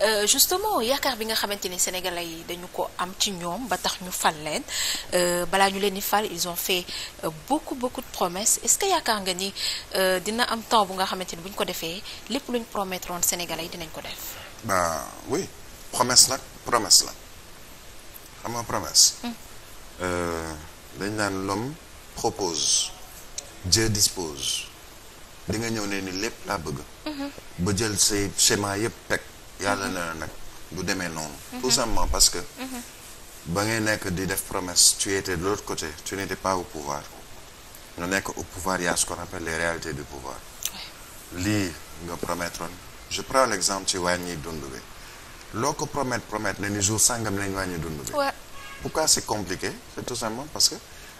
Euh, justement yaakaar bi nga xamante ni sénégalais yi dañu ko am ci ñoom ba tax ñu fal leen euh, balaa ñu leen di fal ils ont fait euh, beaucoup beaucoup de est-ce que yaakaar nga ni dina am temps bu nga xamante ni bu ko defee lépp lu ñu promettre woon sénégalais yi dinañ ko def. bah oui promesse nag promesse la xam nga promesse. dañ naan l'homme propose. Dieu dispose. di nga ñëw ne ni lépp laa bëgg. ba jël say schéma yépp teg. yàlla na la nag du demee noonu. Mhm. tout simplement parce que. Mhm. ba ngay nekk di def promesse tu étais de l'autre côté tu n'étais pas au pouvoir nga nekk au pouvoir y a appelle les réalités du pouvoir. lii nga promettoon je prends l'exemple ci wàññi dund bi loo ko promettre promettre na ni jour sangam nañ wàññi dund bi. pourquoi c'est compliqué c'est tout simplement parce que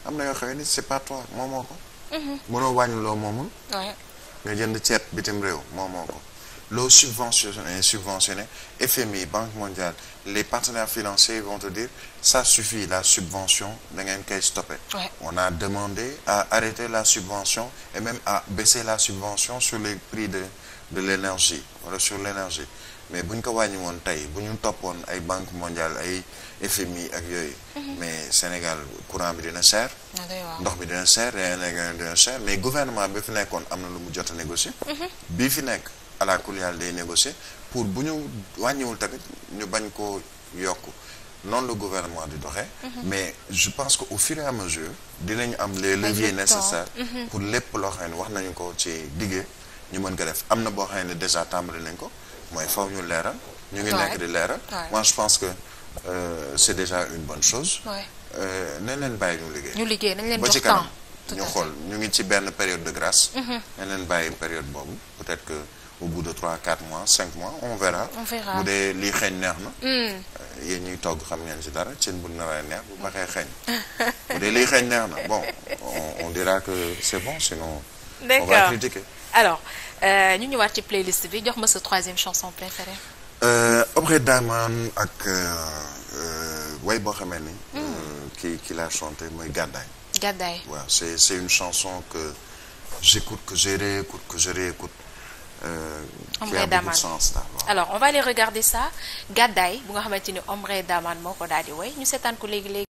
am na yoo xam ni c'est pas toi moomoo ko. Mhm. mënoo wàññi loo moomul. nga jënd ceeb bitim réew moomoo ko. l'eau subventionnée, subventionnée, FMI, Banque mondiale, les partenaires financiers vont te dire ça suffit, la subvention, stopper. Ouais. On a demandé à arrêter la subvention et même à baisser la subvention sur les prix de, de l'énergie, sur l'énergie. mais bu ñu ko wàññi woon tey bu ñu toppoon ay banque mondiale ay FMI ak yooyu. Mhm. mais Sénégal courant bi dina cher. Ah, ndox bi dina cher réew mi dina cher mais gouvernement bi fi nekkoon am na lu mu jot a négocier. Mhm. bii fi nekk. ala kulli de day négocier pour bu ñu wàññiwul tamit ñu bañ koo yokk noonu le gouvernement di doxee. Mhm. mais je pense que au fur et à mesure dinañ am les leviers nécessaires mhm. pour lépp loo xam ne wax nañu ko ci diggee ñu mën ko def am na boo xam ne déjà tàmbali nañ ko mooy faw ñu leeral ñu ngi nekk di leeral moi je pense que euh, c'est déjà une bonne chose euh, neen leen bàyyi ñu liggéey ñu liggéey nañ ba ci kanam ñu xool ñu ngi ci benn période de grâce mhm. nañ leen bàyyi période boobu au bout de trois quatre mois cinq mois on verra. on verra bu dee lii xeeñ neex na. Hmm. Euh, yéen ñuy togg xam ngeen ci dara cin bu naree neex bu baxee xeeñ. bu dee lii xeeñ neex na bon on, on dira que c'est bon sinon. D'accord. on va critiquer. alors euh, ñu ñëwaat ci playlist bi jox ma sa troisième chanson préférée. Euh, Aubrey Daman ak way boo xamee ni. Hmm. ki ki la chanté mooy Gàddaay. Gàddaay waaw c'est c'est une chanson que j'écoute que je réécoute que je réécoute. Euh, Omre Daman alors on va aller regarder ça gàddaay bu nga xamante ni Omre Daman moo ko daal di woy ñu seetaan ko léegi léeg